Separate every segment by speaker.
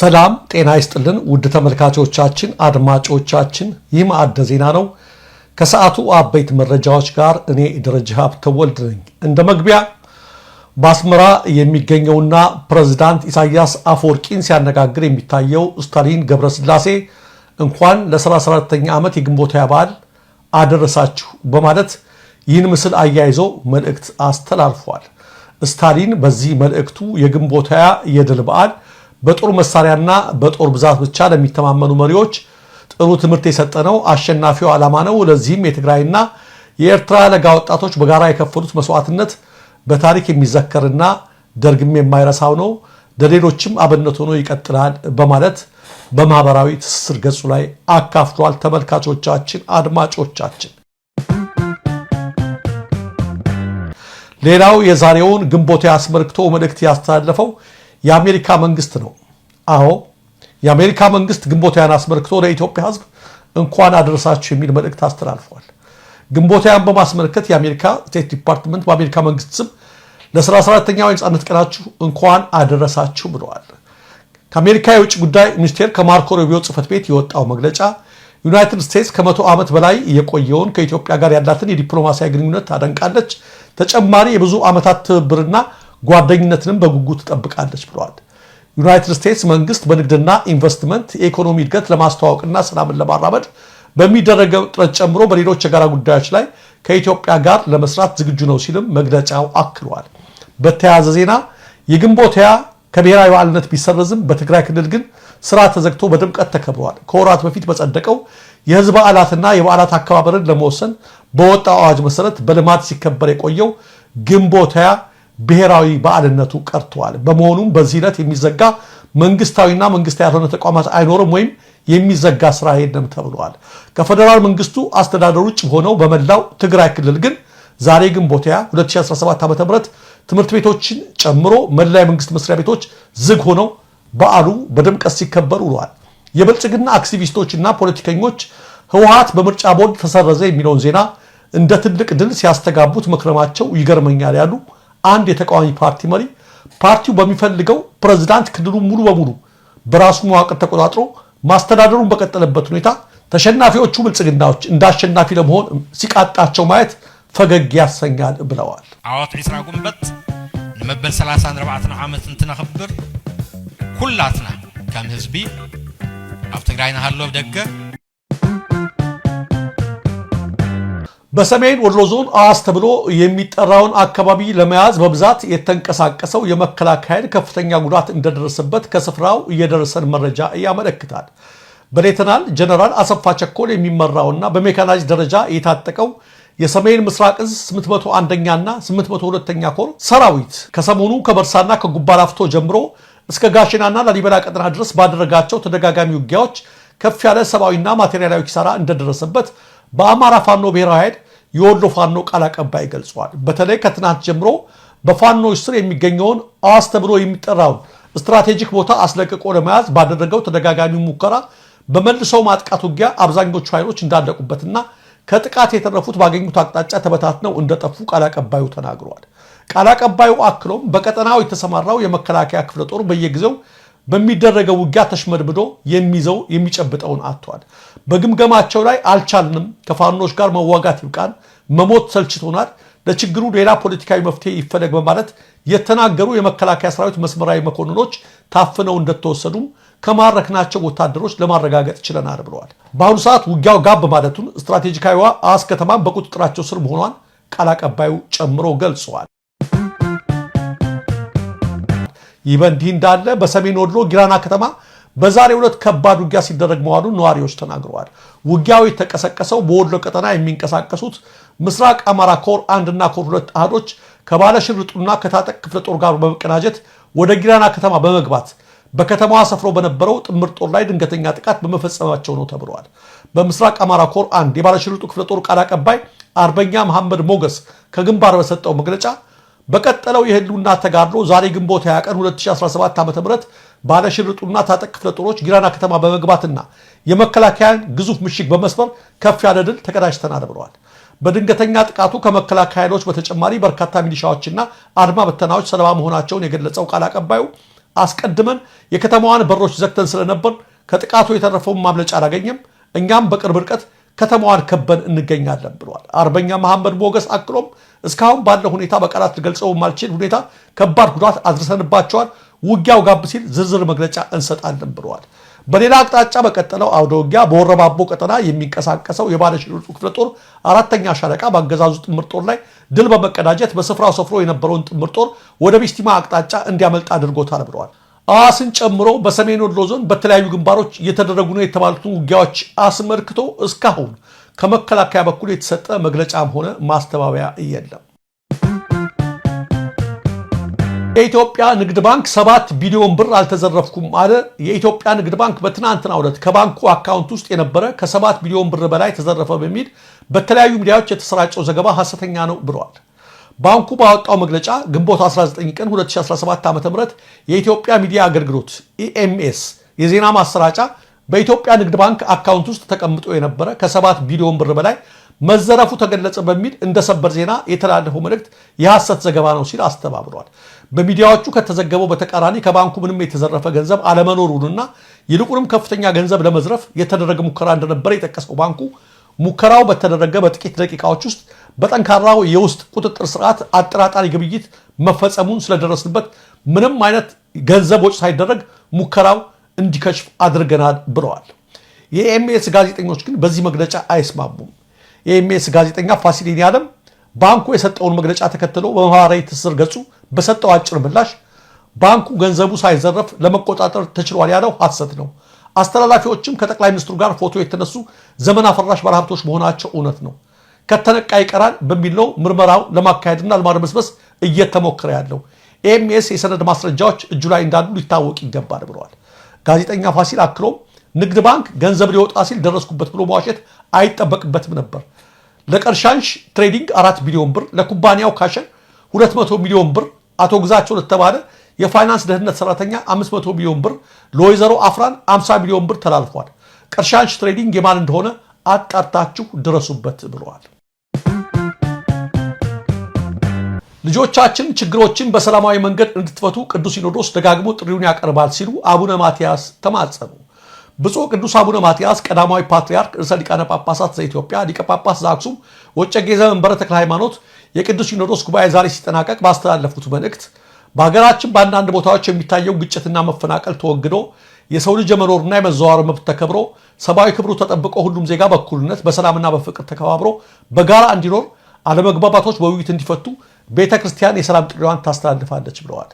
Speaker 1: ሰላም ጤና ይስጥልን ውድ ተመልካቾቻችን፣ አድማጮቻችን ይህ ማዕደ ዜና ነው። ከሰዓቱ አበይት መረጃዎች ጋር እኔ ደረጀ ሀብተወልድ ነኝ። እንደ መግቢያ በአስመራ የሚገኘውና ፕሬዝዳንት ኢሳያስ አፈወርቂን ሲያነጋግር የሚታየው ስታሊን ገብረስላሴ እንኳን ለ34ተኛ ዓመት የግንቦት ሃያ በዓል አደረሳችሁ በማለት ይህን ምስል አያይዞ መልእክት አስተላልፏል። ስታሊን በዚህ መልእክቱ የግንቦታያ የድል በዓል በጦር መሳሪያና በጦር ብዛት ብቻ ለሚተማመኑ መሪዎች ጥሩ ትምህርት የሰጠ ነው። አሸናፊው ዓላማ ነው። ለዚህም የትግራይና የኤርትራ ለጋ ወጣቶች በጋራ የከፈሉት መስዋዕትነት በታሪክ የሚዘከርና ደርግም የማይረሳው ነው። ለሌሎችም አብነት ሆኖ ይቀጥላል በማለት በማህበራዊ ትስስር ገጹ ላይ አካፍሏል። ተመልካቾቻችን፣ አድማጮቻችን ሌላው የዛሬውን ግንቦት አስመልክቶ መልእክት ያስተላለፈው የአሜሪካ መንግስት ነው። አዎ የአሜሪካ መንግስት ግንቦት ያን አስመልክቶ ለኢትዮጵያ ህዝብ እንኳን አደረሳችሁ የሚል መልእክት አስተላልፏል። ግንቦት ያን በማስመልከት የአሜሪካ ስቴት ዲፓርትመንት በአሜሪካ መንግስት ስም ለ34ተኛው የነጻነት ቀናችሁ እንኳን አደረሳችሁ ብለዋል። ከአሜሪካ የውጭ ጉዳይ ሚኒስቴር ከማርኮ ሮቢዮ ጽህፈት ቤት የወጣው መግለጫ ዩናይትድ ስቴትስ ከመቶ ዓመት በላይ የቆየውን ከኢትዮጵያ ጋር ያላትን የዲፕሎማሲያዊ ግንኙነት ታደንቃለች። ተጨማሪ የብዙ ዓመታት ትብብርና ጓደኝነትንም በጉጉት ትጠብቃለች ብለዋል። ዩናይትድ ስቴትስ መንግስት በንግድና ኢንቨስትመንት የኢኮኖሚ እድገት ለማስተዋወቅና ሰላምን ለማራመድ በሚደረገው ጥረት ጨምሮ በሌሎች የጋራ ጉዳዮች ላይ ከኢትዮጵያ ጋር ለመስራት ዝግጁ ነው ሲልም መግለጫው አክሏል። በተያያዘ ዜና የግንቦት ከብሔራዊ በዓልነት ቢሰረዝም በትግራይ ክልል ግን ስራ ተዘግቶ በድምቀት ተከብሯል። ከወራት በፊት በጸደቀው የህዝብ በዓላትና የበዓላት አከባበርን ለመወሰን በወጣ አዋጅ መሰረት በልማት ሲከበር የቆየው ግንቦት ብሔራዊ በዓልነቱ ቀርተዋል። በመሆኑም በዚህ ዕለት የሚዘጋ መንግስታዊና መንግስታዊ ያልሆነ ተቋማት አይኖርም ወይም የሚዘጋ ስራ የለም ተብለዋል። ከፌዴራል መንግስቱ አስተዳደር ውጭ ሆነው በመላው ትግራይ ክልል ግን ዛሬ ግንቦት 2017 ዓ.ም ትምህርት ቤቶችን ጨምሮ መላ የመንግስት መስሪያ ቤቶች ዝግ ሆነው በዓሉ በድምቀት ሲከበር ውለዋል። የብልጽግና አክቲቪስቶችና ፖለቲከኞች ህወሀት በምርጫ ቦርድ ተሰረዘ የሚለውን ዜና እንደ ትልቅ ድል ሲያስተጋቡት መክረማቸው ይገርመኛል ያሉ አንድ የተቃዋሚ ፓርቲ መሪ ፓርቲው በሚፈልገው ፕሬዝዳንት ክልሉን ሙሉ በሙሉ በራሱ መዋቅር ተቆጣጥሮ ማስተዳደሩን በቀጠለበት ሁኔታ ተሸናፊዎቹ ብልጽግናዎች እንደ አሸናፊ ለመሆን ሲቃጣቸው ማየት ፈገግ ያሰኛል ብለዋል።
Speaker 2: ዓወት ዒስራ ጉንበት ንመበል 34 ዓመት እንትነኽብር ኩላትና ከም ህዝቢ ኣብ ትግራይ ናሃለወ ደገ
Speaker 1: በሰሜን ወሎ ዞን አዋስ ተብሎ የሚጠራውን አካባቢ ለመያዝ በብዛት የተንቀሳቀሰው የመከላከያ ኃይል ከፍተኛ ጉዳት እንደደረሰበት ከስፍራው እየደረሰን መረጃ ያመለክታል። በሌተናል ጀነራል አሰፋ ቸኮል የሚመራውና በሜካናጅ ደረጃ የታጠቀው የሰሜን ምስራቅ እዝ 801ኛና 802ኛ ኮር ሰራዊት ከሰሞኑ ከበርሳና ከጉባላፍቶ ጀምሮ እስከ ጋሽናና ላሊበላ ቀጠና ድረስ ባደረጋቸው ተደጋጋሚ ውጊያዎች ከፍ ያለ ሰብአዊና ማቴሪያላዊ ኪሳራ እንደደረሰበት በአማራ ፋኖ ብሔራዊ ኃይል የወሎ ፋኖ ቃል አቀባይ ገልጸዋል። በተለይ ከትናንት ጀምሮ በፋኖች ስር የሚገኘውን አዋስ ተብሎ የሚጠራውን ስትራቴጂክ ቦታ አስለቅቆ ለመያዝ ባደረገው ተደጋጋሚ ሙከራ በመልሰው ማጥቃት ውጊያ አብዛኞቹ ኃይሎች እንዳለቁበትና ከጥቃት የተረፉት ባገኙት አቅጣጫ ተበታትነው እንደጠፉ ቃል አቀባዩ ተናግረዋል። ቃል አቀባዩ አክሎም በቀጠናው የተሰማራው የመከላከያ ክፍለ ጦር በየጊዜው በሚደረገው ውጊያ ተሽመድምዶ የሚይዘው የሚጨብጠውን አጥቷል። በግምገማቸው ላይ አልቻልንም፣ ከፋኖች ጋር መዋጋት ይብቃን፣ መሞት ሰልችቶናል፣ ለችግሩ ሌላ ፖለቲካዊ መፍትሄ ይፈለግ በማለት የተናገሩ የመከላከያ ሰራዊት መስመራዊ መኮንኖች ታፍነው እንደተወሰዱም ከማረክናቸው ወታደሮች ለማረጋገጥ ችለናል ብለዋል። በአሁኑ ሰዓት ውጊያው ጋብ ማለቱን ስትራቴጂካዊዋ አስ ከተማም በቁጥጥራቸው ስር መሆኗን ቃል አቀባዩ ጨምሮ ገልጸዋል። ይህ በእንዲህ እንዳለ በሰሜን ወሎ ጊራና ከተማ በዛሬ ሁለት ከባድ ውጊያ ሲደረግ መዋሉን ነዋሪዎች ተናግረዋል። ውጊያው የተቀሰቀሰው በወሎ ቀጠና የሚንቀሳቀሱት ምስራቅ አማራ ኮር አንድና ኮር ሁለት አህዶች ከባለሽርጡና ከታጠቅ ክፍለ ጦር ጋር በመቀናጀት ወደ ጊራና ከተማ በመግባት በከተማዋ ሰፍሮ በነበረው ጥምር ጦር ላይ ድንገተኛ ጥቃት በመፈጸማቸው ነው ተብለዋል። በምስራቅ አማራ ኮር አንድ የባለሽርጡ ክፍለ ጦር ቃል አቀባይ አርበኛ መሐመድ ሞገስ ከግንባር በሰጠው መግለጫ በቀጠለው የህልውና ተጋድሎ ዛሬ ግንቦት 20 ቀን 2017 ዓ ም ባለሽርጡና ታጠቅ ክፍለ ጦሮች ጊራና ከተማ በመግባትና የመከላከያን ግዙፍ ምሽግ በመስበር ከፍ ያለ ድል ተቀዳጅተናል ብለዋል። በድንገተኛ ጥቃቱ ከመከላከያ ኃይሎች በተጨማሪ በርካታ ሚሊሻዎችና አድማ በተናዎች ሰለባ መሆናቸውን የገለጸው ቃል አቀባዩ አስቀድመን የከተማዋን በሮች ዘግተን ስለነበር ከጥቃቱ የተረፈውን ማምለጫ አላገኘም። እኛም በቅርብ ርቀት ከተማዋን ከበን እንገኛለን ብለዋል። አርበኛ መሐመድ ሞገስ አክሎም እስካሁን ባለው ሁኔታ በቃላት ልገልጸው ማልችል ሁኔታ ከባድ ጉዳት አድርሰንባቸዋል። ውጊያው ጋብ ሲል ዝርዝር መግለጫ እንሰጣለን ብለዋል። በሌላ አቅጣጫ በቀጠለው አውደ ውጊያ በወረባቦ ቀጠና የሚንቀሳቀሰው የባለሽርጡ ክፍለ ጦር አራተኛ ሻለቃ በአገዛዙ ጥምር ጦር ላይ ድል በመቀዳጀት በስፍራው ሰፍሮ የነበረውን ጥምር ጦር ወደ ቢስቲማ አቅጣጫ እንዲያመልጥ አድርጎታል ብለዋል። አዋስን ጨምሮ በሰሜን ወሎ ዞን በተለያዩ ግንባሮች እየተደረጉ ነው የተባሉትን ውጊያዎች አስመልክቶ እስካሁን ከመከላከያ በኩል የተሰጠ መግለጫም ሆነ ማስተባበያ የለም። የኢትዮጵያ ንግድ ባንክ ሰባት ቢሊዮን ብር አልተዘረፍኩም አለ። የኢትዮጵያ ንግድ ባንክ በትናንትናው ዕለት ከባንኩ አካውንት ውስጥ የነበረ ከሰባት ቢሊዮን ብር በላይ ተዘረፈ በሚል በተለያዩ ሚዲያዎች የተሰራጨው ዘገባ ሐሰተኛ ነው ብለዋል። ባንኩ ባወጣው መግለጫ ግንቦት 19 ቀን 2017 ዓ.ም የኢትዮጵያ ሚዲያ አገልግሎት ኢኤምኤስ የዜና ማሰራጫ በኢትዮጵያ ንግድ ባንክ አካውንት ውስጥ ተቀምጦ የነበረ ከ7 ቢሊዮን ብር በላይ መዘረፉ ተገለጸ በሚል እንደ ሰበር ዜና የተላለፈው መልእክት የሐሰት ዘገባ ነው ሲል አስተባብሯል። በሚዲያዎቹ ከተዘገበው በተቃራኒ ከባንኩ ምንም የተዘረፈ ገንዘብ አለመኖሩንና ይልቁንም ከፍተኛ ገንዘብ ለመዝረፍ የተደረገ ሙከራ እንደነበረ የጠቀሰው ባንኩ ሙከራው በተደረገ በጥቂት ደቂቃዎች ውስጥ በጠንካራው የውስጥ ቁጥጥር ስርዓት አጠራጣሪ ግብይት መፈጸሙን ስለደረስንበት ምንም አይነት ገንዘብ ወጪ ሳይደረግ ሙከራው እንዲከሽፍ አድርገናል ብለዋል። የኤምኤስ ጋዜጠኞች ግን በዚህ መግለጫ አይስማሙም። የኤምኤስ ጋዜጠኛ ፋሲሊን ያለም ባንኩ የሰጠውን መግለጫ ተከትሎ በማህበራዊ ትስስር ገጹ በሰጠው አጭር ምላሽ ባንኩ ገንዘቡ ሳይዘረፍ ለመቆጣጠር ተችሏል ያለው ሐሰት ነው። አስተላላፊዎችም ከጠቅላይ ሚኒስትሩ ጋር ፎቶ የተነሱ ዘመን አፈራሽ ባለሀብቶች መሆናቸው እውነት ነው፣ ከተነቃ ይቀራል በሚል ነው ምርመራው ለማካሄድና ለማድበስበስ እየተሞከረ ያለው። ኤምኤስ የሰነድ ማስረጃዎች እጁ ላይ እንዳሉ ሊታወቅ ይገባል ብለዋል። ጋዜጠኛ ፋሲል አክሎም ንግድ ባንክ ገንዘብ ሊወጣ ሲል ደረስኩበት ብሎ መዋሸት አይጠበቅበትም ነበር። ለቀርሻንሽ ትሬዲንግ አራት ቢሊዮን ብር፣ ለኩባንያው ካሸን 200 ሚሊዮን ብር፣ አቶ ግዛቸው ለተባለ የፋይናንስ ደህንነት ሰራተኛ 500 ሚሊዮን ብር፣ ለወይዘሮ አፍራን 50 ሚሊዮን ብር ተላልፏል። ቀርሻንሽ ትሬዲንግ የማን እንደሆነ አጣርታችሁ ድረሱበት ብለዋል። ልጆቻችን ችግሮችን በሰላማዊ መንገድ እንድትፈቱ ቅዱስ ሲኖዶስ ደጋግሞ ጥሪውን ያቀርባል ሲሉ አቡነ ማትያስ ተማጸኑ። ብፁዕ ቅዱስ አቡነ ማትያስ ቀዳማዊ ፓትርያርክ ርዕሰ ሊቃነ ጳጳሳት ዘኢትዮጵያ ሊቀ ጳጳስ ዘአክሱም ወዕጨጌ ዘመንበረ ተክለ ሃይማኖት የቅዱስ ሲኖዶስ ጉባኤ ዛሬ ሲጠናቀቅ ባስተላለፉት መልእክት በሀገራችን በአንዳንድ ቦታዎች የሚታየው ግጭትና መፈናቀል ተወግዶ የሰው ልጅ የመኖርና የመዘዋወር መብት ተከብሮ ሰብአዊ ክብሩ ተጠብቆ ሁሉም ዜጋ በኩልነት በሰላምና በፍቅር ተከባብሮ በጋራ እንዲኖር አለመግባባቶች በውይይት እንዲፈቱ ቤተ ክርስቲያን የሰላም ጥሪዋን ታስተላልፋለች ብለዋል።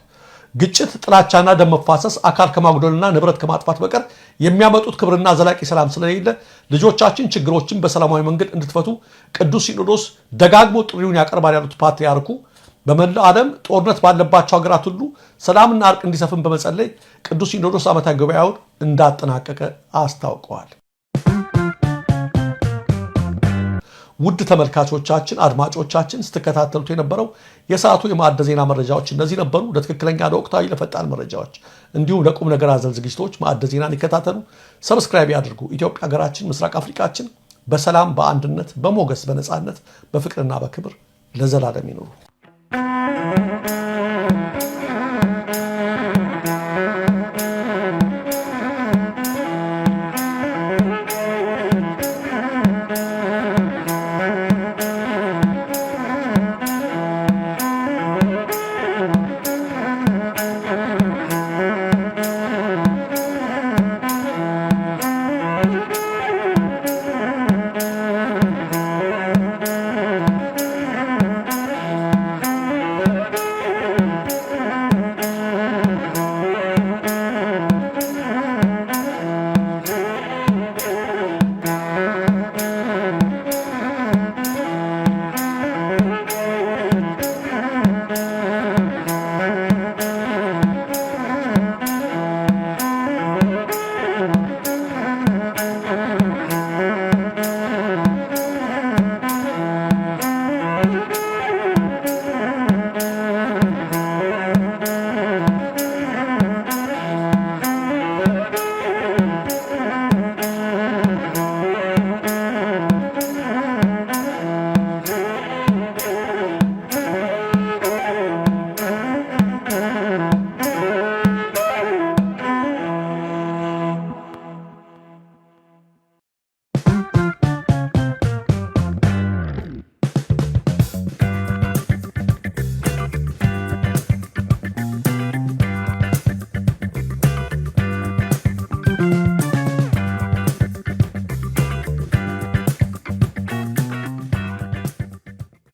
Speaker 1: ግጭት፣ ጥላቻና ደም መፋሰስ አካል ከማጉደልና ንብረት ከማጥፋት በቀር የሚያመጡት ክብርና ዘላቂ ሰላም ስለሌለ ልጆቻችን ችግሮችን በሰላማዊ መንገድ እንድትፈቱ ቅዱስ ሲኖዶስ ደጋግሞ ጥሪውን ያቀርባል ያሉት ፓትርያርኩ በመላው ዓለም ጦርነት ባለባቸው ሀገራት ሁሉ ሰላምና እርቅ እንዲሰፍን በመጸለይ ቅዱስ ሲኖዶስ ዓመታዊ ጉባኤውን እንዳጠናቀቀ አስታውቀዋል። ውድ ተመልካቾቻችን፣ አድማጮቻችን ስትከታተሉት የነበረው የሰዓቱ የማዕደ ዜና መረጃዎች እነዚህ ነበሩ። ለትክክለኛ ለወቅታዊ፣ ለፈጣን መረጃዎች እንዲሁም ለቁም ነገር አዘል ዝግጅቶች ማዕደ ዜናን ይከታተሉ፣ ሰብስክራይብ ያድርጉ። ኢትዮጵያ ሀገራችን፣ ምስራቅ አፍሪካችን በሰላም በአንድነት በሞገስ በነፃነት በፍቅርና በክብር ለዘላለም ይኑሩ።